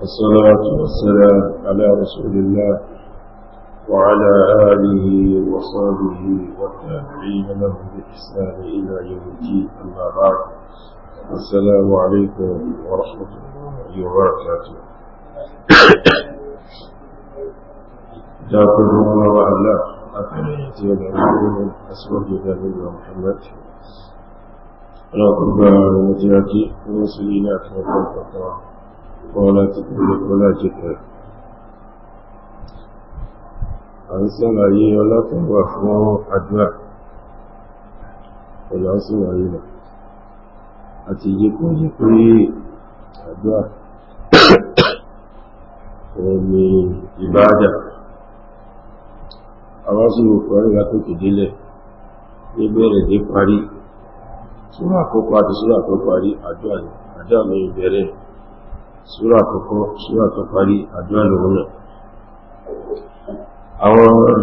والصلاة والسلام على رسول الله وعلى آله وصحبه والتابعين له بإحسان إلى يوم الدين أما بعد السلام عليكم ورحمة الله وبركاته جاكم الله وعلا أكمل يتيب أسود محمد ọlọ́pùpá ọmọ tí a jí ní sí ilé àti ọjọ́ ìpàtàwà kọ́ láti pẹ̀lú kọ́lá jẹ́kẹ̀. a ń sẹ́làyé ọlọ́pùpá fún àdúrà ọ̀lá sẹ́làyé rẹ̀ àti yípo yí pé àdúrà omi ìbáadà àwọn sí òkú ọ̀rẹ́ látòkè parí súrà àkọ́kọ́ àti súrà tó parí àdúrà ní ìbẹ̀rẹ̀ súrà àkọ́kọ́ súrà tó parí àdúrà lòun náà àwọn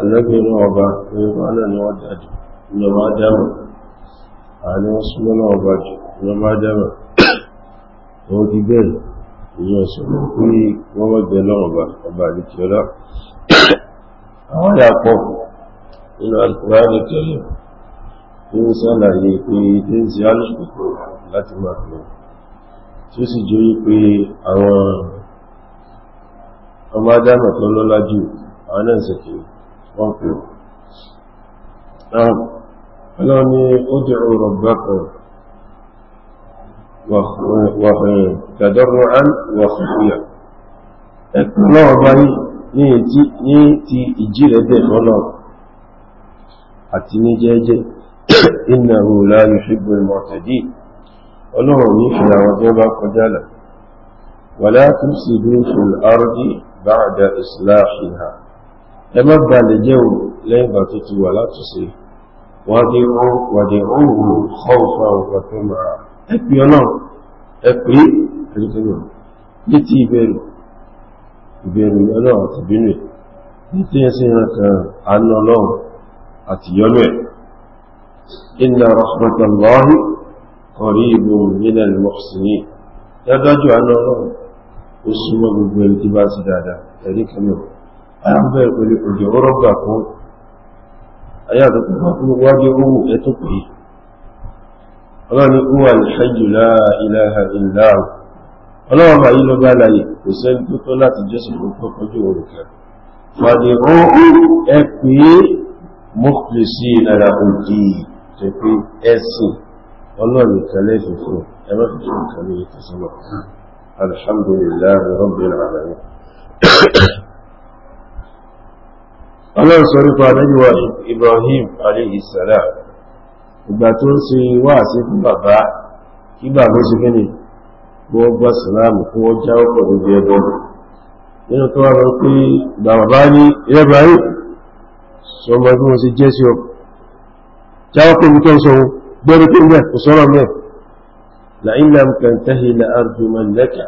alẹ́gbẹ̀rún ọba ẹgbẹ́ ọ̀nà ni wọ́n dájú ìjọba dámà àní wọ́n súnmọ́ náà ọba jù ìjọba dámà wọ́n ti bẹ́ẹ̀ ìyẹn sọ̀rọ̀ pé wọ́n mọ́gbẹ̀ náà ọba ọba àdìkíọ́lá àwọn yà pọ̀ nínú alukùránì tí ń sọ́làyé pé tí ń ṣe alùpùpù láti máa pè tí ó sì jẹ́ wípé àwọn ọmọ adámọ̀ tó lọ́lá jù àwọn náà sẹ̀kẹ̀ wọ́n pè ọlọ́run ni ó jẹ́ ọ̀rọ̀ bákan tàdọ́rùn-ún wọ̀fífíà ẹ̀kùn náà bá ní ti ìjí rẹ̀ bẹ̀ fọ́lọ̀ àti ní jẹ́ẹ́jẹ́ innahu la yuhibbu al-mu'tadin ọlọ́run ní fi àwọn tó bá kọjá là wala tufsidu fil ardi ba'da islahiha ẹ má ba lè jẹ́ o lẹ́yìn ìgbà tó ti wà látúnṣe wàdí ọ̀hún khawfan wa tama'a ẹ pè ọlọ́run ẹ pè ní ti ìbẹ̀rù ìbẹ̀rù ọlọ́run àti bínú ẹ̀ ní tí ẹ sí ẹran kan àánú ọlọ́run àti yọ́nú ẹ̀ إن رحمة الله قريب من المحسنين dájú àánú ọlọ́run ó súnmọ́ gbogbo ẹni tí bá sí dáadáa ẹ̀rí kanáà ara ń bẹ̀rẹ̀ pẹ̀lú òjò ọ̀rọ̀ gbà fún ayàtọ̀ tó bá fún wájú owó ẹ̀tọ́ pé ọlọ́run ó wà ní ṣájú láà ìlàhà ìlàhà ọlọ́run bá yí lọ bá láyè kò sẹ́ni tó tọ́ láti jẹ́sùn ló tọ́ kọjú òun kan fàdé ó ẹ pé mọ́kùnrin sí ìlara òkè yìí tó pé ẹ̀sìn ọlọ́run kẹlẹ́ ìfòfò ẹ̀rọ ìfòfò kẹlẹ́ ìtẹ̀sọ́nà alhamdulillah rabbil alamin ọlọ́run sọ nípa anájúwà Ibrahim alayhi salam ìgbà tó ń ṣe wáàsí fún bàbá kí bàbá ṣe kí ni bọ́ bá sàlámù fún ọjà ọkọ̀ níbi ẹbọ nínú tó wà lọ pé bàbá ní Ibrahim sọmọ bí wọ́n ṣe jẹ́ sí ọkọ̀ jáwọ́ pé ibi tó ń sọ ohun gbẹ́rú pé mẹ́ kò sọ́rọ̀ mẹ́ la ilẹ̀ nǹkan tẹ́hì ilẹ̀ arjùmọ̀ lẹ́kà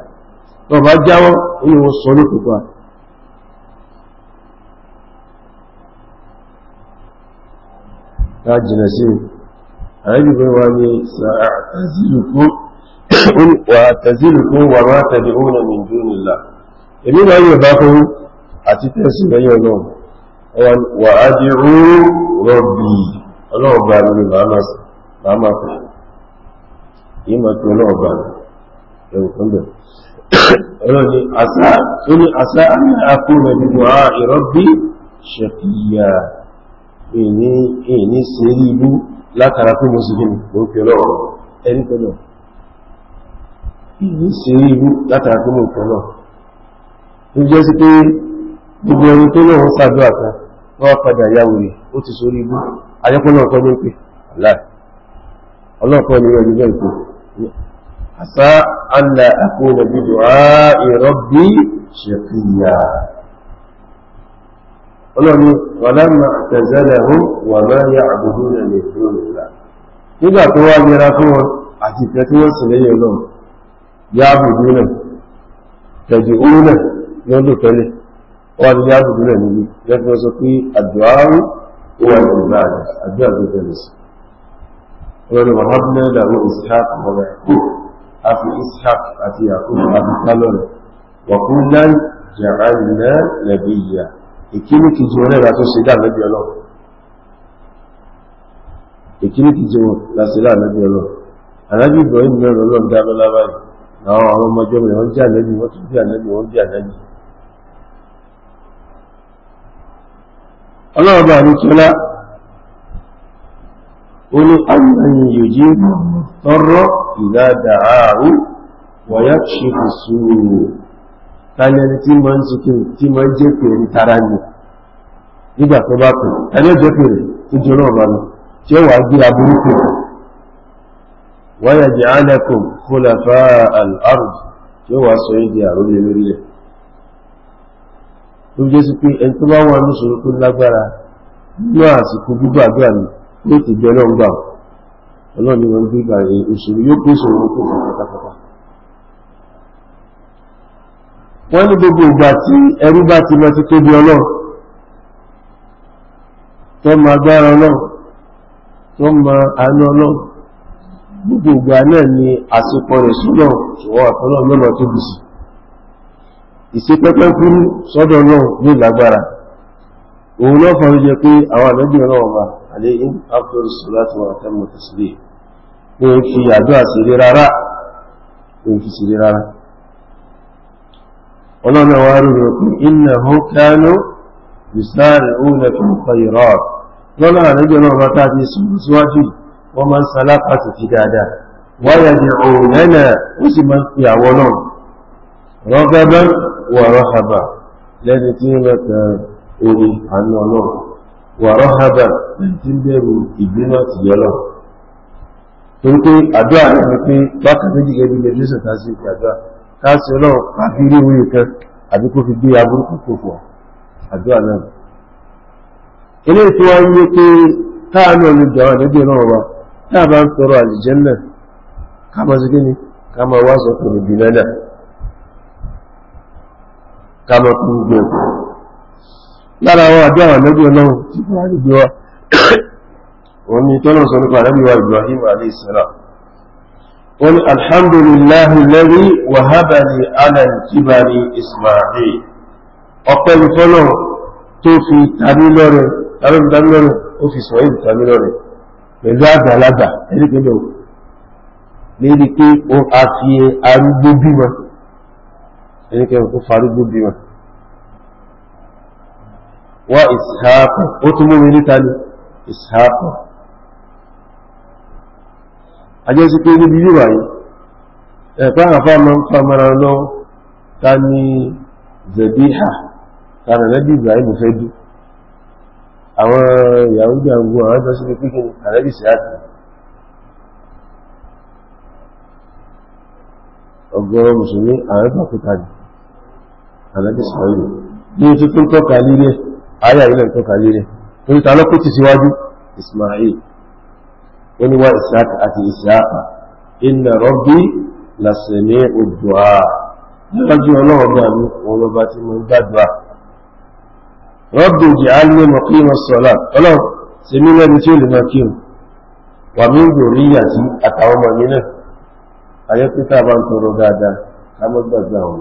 tó bá jáwọ́ inú wọn sọ ní pípa ta jìnà sí àyíkú pé wà ní sàtàzílùkún wà máa tàbí òun ní dúnilá èmi náà yóò bá fún àti tẹ́sí lẹ́yìn ọlọ́run wà á di rú rọ̀bì ọlọ́run bá mi ni màá máa sọ màá máa fò yìí máa pe ọlọ́run bá mi ẹ̀wù kan bẹ̀rẹ̀ ọlọ́run ni àṣà ó ní àṣà àmì àkóhùn ẹ̀dùnkù àá ìrọ́bí ṣẹ̀kìyà èyí èyí sí rí ibú látara pé mo sì fi mò ń pe ọlọ́run ẹni tẹ́lẹ̀ èyí sí rí ibú látara pé mo pe ọlọ́run ó jẹ́ sí pé gbogbo ẹni tó lọ́wọ́ sàdúrà kan wọ́n padà yàwó rẹ̀ ó ti sórí ibú ayọ́kùnlọ́ ọ̀kọ́ ní pé aláì ọlọ́ọ̀kọ́ ni wọ́n nígbà ìpò àṣà àlà àkóòlẹ̀ bíbò ààrọ̀ bí ṣẹ̀kìyà ọlọ́ni wà lámà àtẹ̀zẹ́lẹ̀ hún wọ́n ti dáàbò dúró níbi lẹ́fẹ́ sọ pé àdúrà ó wà ní ìgbà rẹ̀ àdúrà tó tẹ̀lé sí wọ́n ni wọ́n hábí náà dàrú ishaq ọmọ ẹ̀kọ́ àfi ishaq àti yakub àfi kálọ̀ rẹ̀ wọ̀kún náà jàrá iná lẹ́bí ìyá ìkíní kejì wọn náà tó ṣe dáàbò bí ọlọ́run ìkíní kejì wọn láti dáàbò ọlọ́run alábí ibrahim náà lọ́lọ́run dáná lábáyé àwọn ọmọ ọlọ́ọ̀bá àríkẹ́lá ó ní àmì yòjí tọ́rọ ìdádà ààrùn wọ̀yá ṣíkù sóòrò tàbí tí ma ń sókèrè tí ma ń jẹ́ pèrè tara ní nígbà tó bá pèrè ẹni jẹ́ pèrè tó jẹ́ náà bá tí ó wà gbé aburú pèrè wọ́yà jẹ́ alẹ́kùn kólàfà al'arùn tí ó wà sọ ìdí àrólé lórílẹ̀ tó jẹ́ sí pé ẹni tó bá wà ní ìṣòro tó lágbára nínú àsìkò gbígbàdúrà ni yóò ti bẹ ọlọ́run gbà ọlọ́run ni wọ́n gbé gbà ìṣòro yóò pín ìṣòro tó fún pátápátá. wọ́n ní gbogbo ìgbà tí ẹrú bá ti lọ ti tóbi ọlọ́run tó máa gbára ọlọ́run tó máa àánú ọlọ́run gbogbo ìgbà náà ni àsopọ̀ rẹ̀ sílọ̀ ṣùgbọ́n àtọ́lọ́ mẹ́lọ tóbi sí ìsepẹ́pẹ́ fún sọ́dọ̀ náà ní ìlágbára òun náà fọ́n jẹ pé àwọn àlọ́gbìn náà wà alẹ́ in after salatu wa atamu tasbih pé ó fi àdúrà sí rí rárá ó fi sí rí rárá ọlọ́nà wa rí rẹ̀ pé innahu kanu yusari'una fil khairat lọ́nà àlọ́gbìn náà bá tá a ti sùn síwájú wọ́n máa ń salápá sí fi dáadáa wáyà ni òun lẹ́nà ó sì máa ń fi àwọn náà rọ́gbẹ́bẹ́ ورهبا لن تيمة أولي عن الله ورهبا لن تنبر إبنة يلوه torí pé àdúrà rẹ̀ ni pé bákan méjì gẹ́gẹ́ bí lẹ́gbẹ́sẹ̀ tá sí àdúrà ká sí ọlọ́run àfi rí orí kan àbí kó fi gbé aburúkú kò fọ̀ àdúrà náà ilé tí wọ́n yé pé táà náà ní àwọn ẹgbẹ́ náà táà bá ń àlìjẹ́ náà ká máa kí ni ká máa wá náà kámọ́ tó ń gbé lára àwọn àdó àwọn ànábì ọlọ́run tí fún àgbègbè wa òun ni tọ́lọ̀ sọ nípa ànábì wa Ibrahim alaihissalam wọ́n ni alhamdulillahi lẹ́rí wàhábàlì alàìkíbàlì Ismail ọpẹ́ ni tọ́lọ̀ tó fi tàbí lọ́rẹ̀ tàbí tàbí lọ́rẹ̀ ó fi Ismail tàbí lọ́rẹ̀ pẹ̀lú àgbàlagbà ẹnikẹ́lẹ̀ òun ní pé a fi arúgbó bímọ ẹni kẹrin tó farúgbó bímọ wá ìsáàkù ó tún mú mi níta ní ìsáàkù ajẹ́ sí pé níbi yíwà yìí ẹ̀pá àfá ma ń fa mara lọ ta ni zẹ̀bíhà ta nà lẹ́bí Ibrahim fẹ́ dú àwọn Yahudi àgbò àwọn tó sí pé pínpín àlẹ́bí ọgọ́rọ̀ mùsùlùmí àwọn tó kúta ni ànábì Ismail ní ojú tó ń tọ́ka lílé ayé àyílẹ̀ ń tọ́ka lílé orí ta lọ́kọ́ ti síwájú Ismail ó ní wá Ishaq àti Ishaq inna rabbi làṣẹ̀mí odùá níwájú ọlọ́run bá mi wọn lọ bá ti mọ gbàdúrà rabbi ij'alni muqima as-salat ọlọ́run sèmi lẹ́ni tí ó lè máa kírun wà mí ń gbòrí àti àtàwọn ọmọ mi náà ayé pé tá ń tọrọ dáadáa ká mọ́ gbàgbé àwọn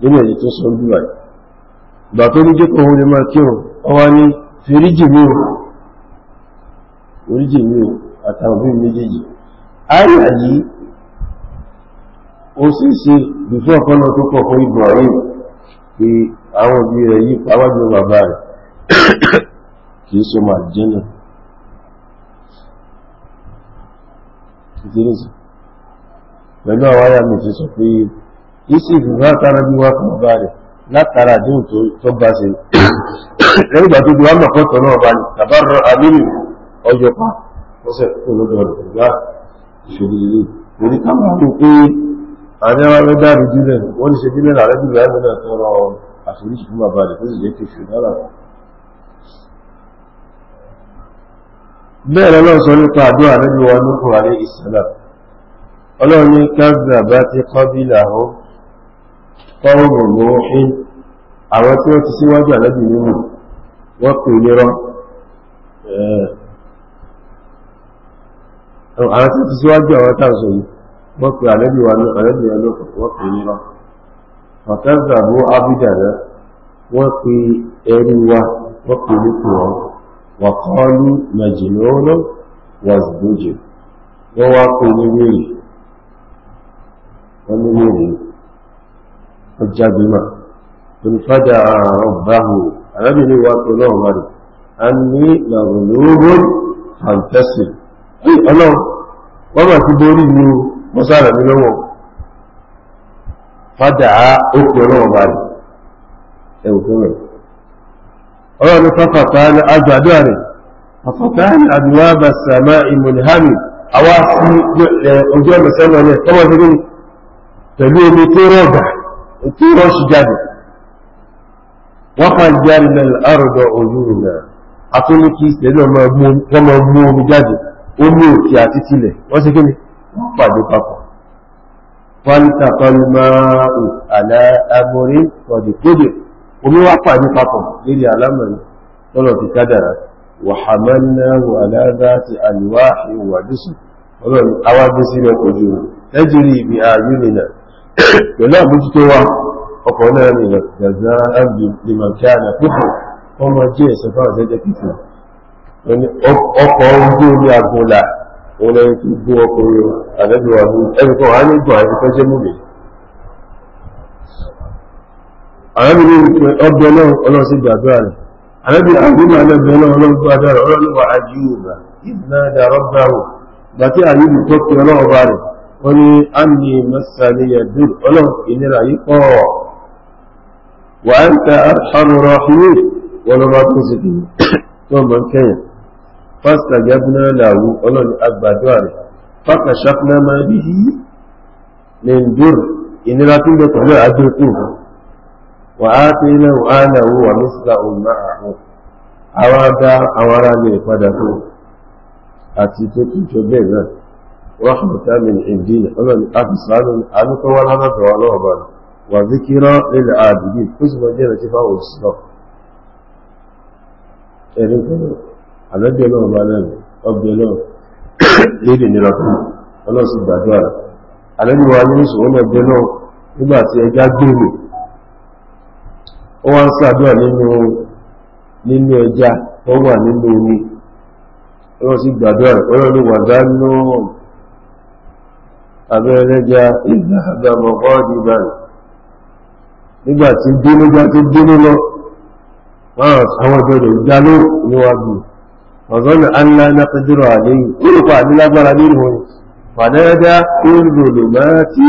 nínú èyí tó sọ bí wáyé ìgbà tó ní jẹ́kọ̀ òun lè máa kírun ọwá ní fèríjì mi ò oríjì mi ò àtàwọn bí méjèèjì àyà yìí ó sì ṣe bìfọ́ ọ̀pọ̀lọ tó kọ̀ fún Ibrahim pé àwọn òbí rẹ̀ yí pàwájú bàbá rẹ̀ kìí so máa jẹ́ náà pẹ̀lú àwọn àyà mi ti sọ pé yusufu náà tánà bí wá fún ọba rẹ̀ látara àdéhùn tó bá ṣe lẹ́yìn ìgbà tó di wá mọ̀ pẹ́tọ̀ náà bá ní tàbárọ amínú ọjọ́ pa lọ́sẹ̀ tó lọ́dọ̀ rẹ̀ ìgbà ìṣòro ilé orí káwọn tó pé àmì àwọn ẹgbẹ́ dàrú dílẹ̀ wọ́n ṣe dílẹ̀ rẹ̀ bí ìgbà náà tọrọ àforíṣi fún bàbá rẹ̀ tó sì jẹ́ kéfì lára bẹ́ẹ̀ lọ́lọ́run sọ nípa àdúrà lẹ́bí wọn ní kùrànlẹ́ ìsìlá ọlọ́run ní kábíyà bá ti kọ́ bí kọ́wùrù lóòhìn àwọn tí ó ti síwájú àlẹ́bì nínú wọ́n pè nírọ́ àwọn tí ó ti síwájú àwọn táàsọ yìí wọ́n wa àlẹ́bì wa ló wa ọjà bímọ olùfàjà ọ̀báhù arábìnrin wa tó náà wà rẹ̀ a ní làrùnlóró fàǹtẹ́sì ọlọ́run wọ́n mà ti borí ní mọ́sára mi lọ́wọ́ fàjà ó pè ọlọ́run bá rẹ̀ ẹ̀wù fún rẹ̀ ọlọ́run fàfàtà ní àjọ àdúrà rẹ̀ fàfàtà ní àdúrà bàṣàmà ìmọ̀lẹ́hàmì àwa sí ọjọ́ ìmọ̀sẹ́mọ̀ rẹ̀ tọ́wọ́ sí pẹ̀lú omi tó rọ̀gà tí wọ́n ṣe jáde wọ́n kàn jáde lẹ́lẹ̀ àrùdọ̀ òyìnbó náà àtúnú kí ìsìlẹ̀ náà wọ́n máa mú omi jáde omi òkè àti tilẹ̀ wọ́n ṣe kíni pàdé papọ̀ fọ́nìtàkọ́lùmọ́rù aláàmúrí kọ̀dìkódì omi wá pàdé papọ̀ lérí alámọ̀rí tọ́lọ̀ ti kádàrà wàhàmánnáwò aláàdáti àlùwá ìwàdúsù ọlọ́run awágbésí rẹ̀ pẹ̀lú ẹjìrí ibi ààrùn nìyàn pẹ̀lú àmójútó wa ọkọ̀ náà ni gàzá ábì lèmàkíá na púpù ọmọ jẹ́ ẹ̀sẹ̀ fáwọn ẹ̀sẹ̀ kìtì ọkọ̀ ojú omi àgùnlà òun lẹ́yìn tó gbó wọ́n ní a ní mẹ́sàlẹ́yà dùn ọlọ́run ìnira yìí pọ̀ wà á ń ta àrùrọ̀ ìwé wọn lọ́wọ́ tó sì kì í tó mọ̀ kẹ́yìn fásitì àjábúná làwù ọlọ́run àgbàdo rẹ̀ fáka ṣàpínà máa bí i ní dùn ìnira tó ń bẹ pẹ̀lú àdínkù wà á ti ilẹ̀ wà á làwù wà mísìlá òun máa àwọn àwọn ará ilé padà tó àti tó tún jọ bẹ́ẹ̀ náà رحمة من عندنا أنا أفسان أنك ولا نتوانا وذكرى للعابدين قسم جينا شفاء الإسلام ẹ̀rín kan náà àlẹ́bí ọlọ́run bá lẹ́nu ọgbẹ̀ náà lédè nira fún ọlọ́sùn gbàdúrà àlẹ́bí wa ní ìṣòwò náà abẹ́rẹ́já ìgbàgbàmọ̀ ọ́dí báyìí nígbà tí bínú já tó bínú lọ àwọn ìbẹ̀rẹ̀ ìjáló níwájú ọ̀zọ́nà anlá na kẹjọ́rọ̀ àléyìn ìrùpa nílágbára nínú wọn fàdáyájá ìrùlò máa tí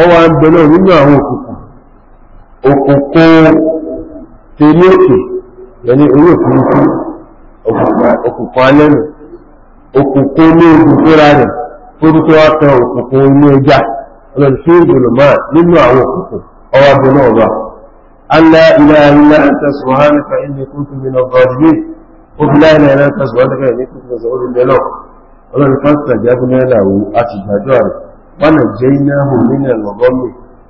ọ wá ń bẹ òkùnkùn alẹ́nu òkùnkùn ní ogun rẹ̀ orúkọ wa tẹ òkùnkùn inú ẹja ọlọ́run ṣé ìgbìmọ̀ nínú àwọn òkùnkùn ọwọ́ abẹ náà wà. Allah ilá ilá ẹ̀ta sọ̀rọ̀ nípa ilé kúntù mi lọ bọ̀dù yìí ó fi láìlá ilá ẹ̀ta sọ̀rọ̀ nípa ilé mi lọ bọ̀dù náà ọlọ́run pásítà jábọ̀ náà làwọ̀ àti ìgbàjọ́ rẹ̀ wọn lè jẹ́ iná hù nínú ẹ̀lọ́gọ́mì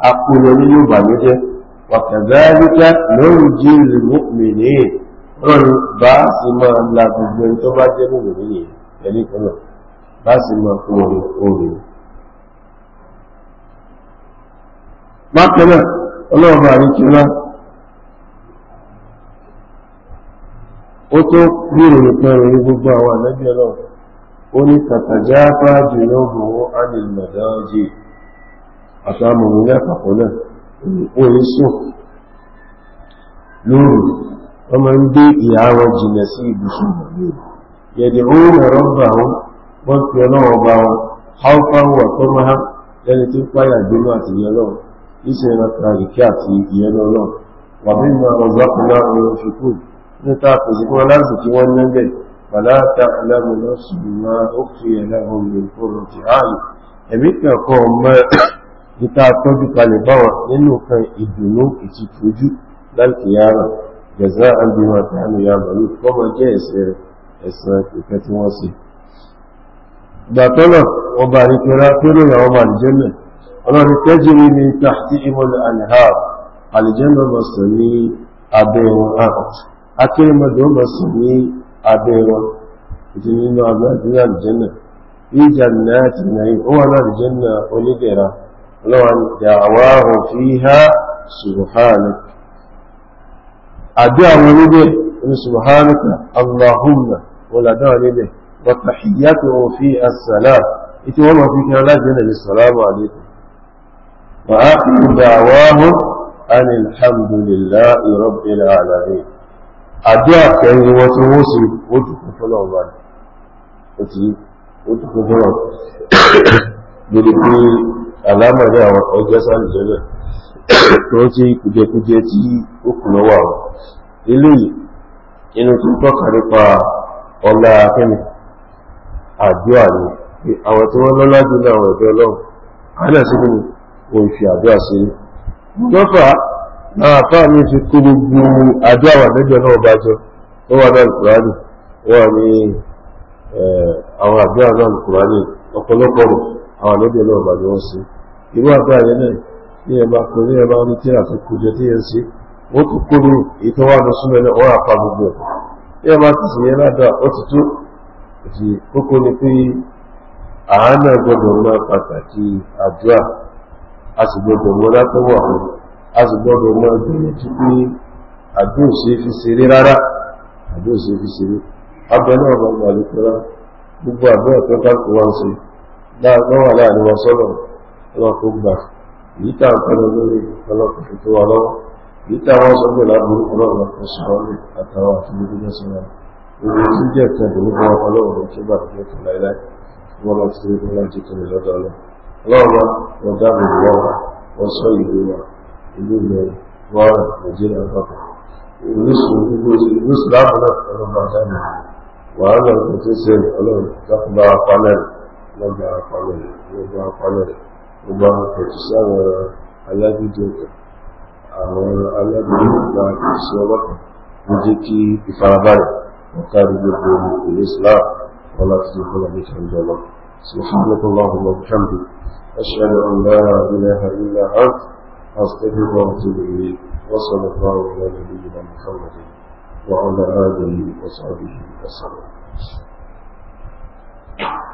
akúnyọ nínú ìbànújẹ́ wàkàdáríkà lórí jí ìlú mìíràn ọlọ́run bá sì máa la gbogbo ẹni tó bá jẹ́ nínú ìrìn ẹ̀lẹ́kọ̀ọ́ náà láti mọ̀ fún ọ̀rẹ́ oòrùn. Bákan náà, ọlọ́ọ̀bà àríkílá, ó tó bírò ìpẹ̀rẹ̀ ní gbogbo àwọn ànábì ọlọ́run, ó ní tàtàjá bá jùlọ mọ̀wọ́ ánìlmọ̀dájì àtàmọ̀mọ̀ ní àpapọ̀ náà, ó ní sùn lóòrùn, wọ́n ń gbé ìyá wọn jìnà sí ibùsùn yẹ̀dẹ̀ ó wọ́n fi ọlọ́run ọba wọn haúfáwù àtọ́máhá lẹ́ni tí ń páyà gbénú àti ìyẹn ọlọ́run iṣẹ́ ìrọ̀tà ìkẹ́ àti ìyẹn ọlọ́run wà bí mo àwọn ọ̀gbákùnrin àwọn òṣìkú níta pèsè fún aláàbò tí wọ́n ní bẹ̀ bàlá ta aláàbò náà ṣùgbọ́n máa ó fi ẹ̀dá ohun ìfòrò ti ààyè ẹ̀mí kẹ̀kọ́ ọmọ níta tọ́jú kalẹ̀ báwọn nínú kan ìdùnnú ìtìtòjú láti yára jẹ̀zá àgbìmọ̀ àti àmì yàbọ̀ ní kọ́mọ jẹ́ ẹ̀sẹ̀ ẹ̀sẹ̀ ìfẹ́ tí wọ́n ṣe gbàtọ́nà ọba àríkẹrà pẹ́rò ìyàwó àlìjẹ́nà ọlọ́rin tẹ́jìrí ní tàbí ìmọ̀lẹ̀ àlìhà àlìjẹ́nà mọ̀sàn ní abẹ́ wọn akérèmọ̀dọ̀ mọ̀sàn ní abẹ́ wọn ìdí nínú abẹ́ na ìjà náà ti nàí ó wà láàrìjẹ́nà onídẹ̀ra ọlọ́wọ́n fi ha subhanahu àdúrà subhanaka allahumma وتحياته في السلام يتوى ما في كان لجنة السلام عليكم وآخر دعواهم أن الحمد لله رب العالمين أدعك كان يوسوسي وتكون فلو بعد وتكون فلو بلكي alama da àwọn الجنة sáàlì jẹ́lẹ̀ tó ń tí إنه tí ó kù lọ́wọ́ àdúrà ni àwọn tí wọ́n lọ́lá jù náà àwọn ẹ̀fẹ́ ọlọ́run àwọn ni ní òun fi àdúrà sí i lọ́fà náà fi kó gbogbo àdúrà wà lẹ́jọ́ náà bá jọ ó wà náà kùránì wọ́n ní àwọn àdúrà náà kùránì ọ̀pọ̀lọpọ̀ rẹ̀ àwọn náà bá jọ wọ́n sí irú àdúrà yẹn náà ní ẹ̀ bá kó ní ẹ̀ bá ní tí àfi ti kókó ni pé àánà gbọdọ̀ máa pàtàkì àdúrà a sì gbọdọ̀ mọ́ látọ́wọ́ àwọn a sì gbọdọ̀ máa gbìyànjú pé àdúrà ṣe fi ṣeré rárá àdúrà ṣe fi ṣeré abẹ náà bá gbà lè pẹ́rá gbogbo àdúrà tó kálukú wá ń ṣe dáadọ́ wà láàrin wa sọ́nà ọlọ́kọ̀ gbà èyí tá à ń pẹ́rẹ́ lórí ọlọ́kọ̀ tó wà lọ́wọ́ èyí tá àwọn sọ́gbẹ̀ láburú ọlọ́run ọkọ̀ sọ̀rọ̀ àtàwọn àfihàn ibi tí jẹ́ kan tó nípa ọlọ́run ló ti bà tó fún láíláí wọ́n lọ sí ní láti tó ní lọ́dọ̀ lọ ọlọ́run wọn dáàbò bò wọ́n wọ́n sọ ìlú wa ìlú ilẹ̀ wọ́n nàìjíríà lọ́pọ̀ orísun gbogbo orísun láàbù náà ọlọ́run bá dáàbò wàhálà ọ̀gbìn tó ṣe ọlọ́run dákun bá wa pa mẹ́rin wọ́n bá wa pa mẹ́rin wọ́n bá wa pa mẹ́rin wọ́n bá wa pẹ̀tù sí àwọn alágídí ọkọ̀ àwọn alágídí ọkọ̀ àti ìṣẹ́ ọlọ́pàá ló jẹ́ kí ìfarabalẹ̀ وكانوا يدعون الإسلام ولا تصلح لك عند الله سبحانك اللهم وبحمدك أشهد أن لا إله إلا أنت أستغفرك وأتوب إليك وصلى الله على نبينا محمد وعلى آله وصحبه وسلم